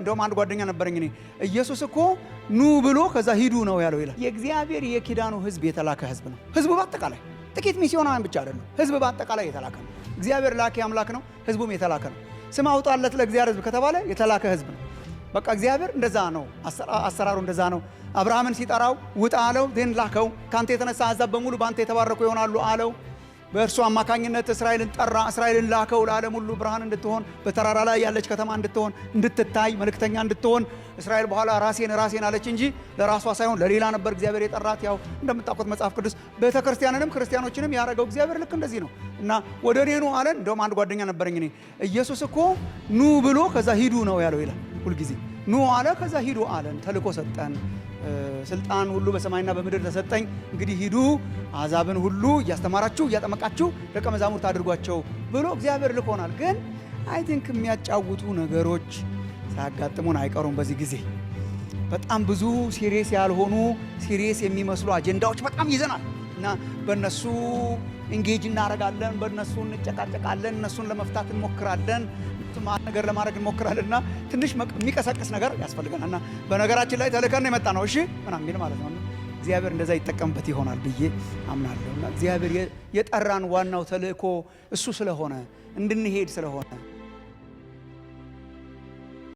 እንደውም አንድ ጓደኛ ነበረኝ እኔ ኢየሱስ እኮ ኑ ብሎ ከዛ ሂዱ ነው ያለው ይላል። የእግዚአብሔር የኪዳኑ ህዝብ የተላከ ህዝብ ነው። ህዝቡ በአጠቃላይ ጥቂት ሚስዮናውያን ብቻ አይደለም። ህዝብ በአጠቃላይ የተላከ ነው። እግዚአብሔር ላኪ አምላክ ነው። ህዝቡም የተላከ ነው። ስም አውጣለት ለእግዚአብሔር ህዝብ ከተባለ የተላከ ህዝብ ነው። በቃ እግዚአብሔር እንደዛ ነው፣ አሰራሩ እንደዛ ነው። አብርሃምን ሲጠራው ውጣ አለው፣ ላከው። ከአንተ የተነሳ አሕዛብ በሙሉ በአንተ የተባረኩ ይሆናሉ አለው። በእርሱ አማካኝነት እስራኤልን ጠራ፣ እስራኤልን ላከው፣ ለዓለም ሁሉ ብርሃን እንድትሆን በተራራ ላይ ያለች ከተማ እንድትሆን እንድትታይ መልእክተኛ እንድትሆን። እስራኤል በኋላ ራሴን ራሴን አለች እንጂ ለራሷ ሳይሆን ለሌላ ነበር እግዚአብሔር የጠራት። ያው እንደምታውቁት መጽሐፍ ቅዱስ ቤተ ክርስቲያንንም ክርስቲያኖችንም ያደረገው እግዚአብሔር ልክ እንደዚህ ነው እና ወደ እኔ ኑ አለን። እንደውም አንድ ጓደኛ ነበረኝ እኔ ኢየሱስ እኮ ኑ ብሎ ከዛ ሂዱ ነው ያለው ይላል ሁልጊዜ ኑ አለ። ከዛ ሂዱ አለን። ተልኮ ሰጠን። ስልጣን ሁሉ በሰማይና በምድር ተሰጠኝ። እንግዲህ ሂዱ አዛብን ሁሉ እያስተማራችሁ እያጠመቃችሁ ደቀ መዛሙርት አድርጓቸው ብሎ እግዚአብሔር ልኮናል። ግን አይ ቲንክ የሚያጫውቱ ነገሮች ሳያጋጥሙን አይቀሩም። በዚህ ጊዜ በጣም ብዙ ሲሬስ ያልሆኑ ሲሬስ የሚመስሉ አጀንዳዎች በጣም ይዘናል። እና በእነሱ እንጌጅ እናደርጋለን፣ በእነሱ እንጨቃጨቃለን፣ እነሱን ለመፍታት እንሞክራለን፣ ነገር ለማድረግ እንሞክራለን። እና ትንሽ የሚቀሰቅስ ነገር ያስፈልገናል። እና በነገራችን ላይ ተልከን የመጣ ነው እሺ ምናምን የሚል ማለት ነው። እግዚአብሔር እንደዛ ይጠቀምበት ይሆናል ብዬ አምናለሁ። እና እግዚአብሔር የጠራን ዋናው ተልእኮ እሱ ስለሆነ እንድንሄድ ስለሆነ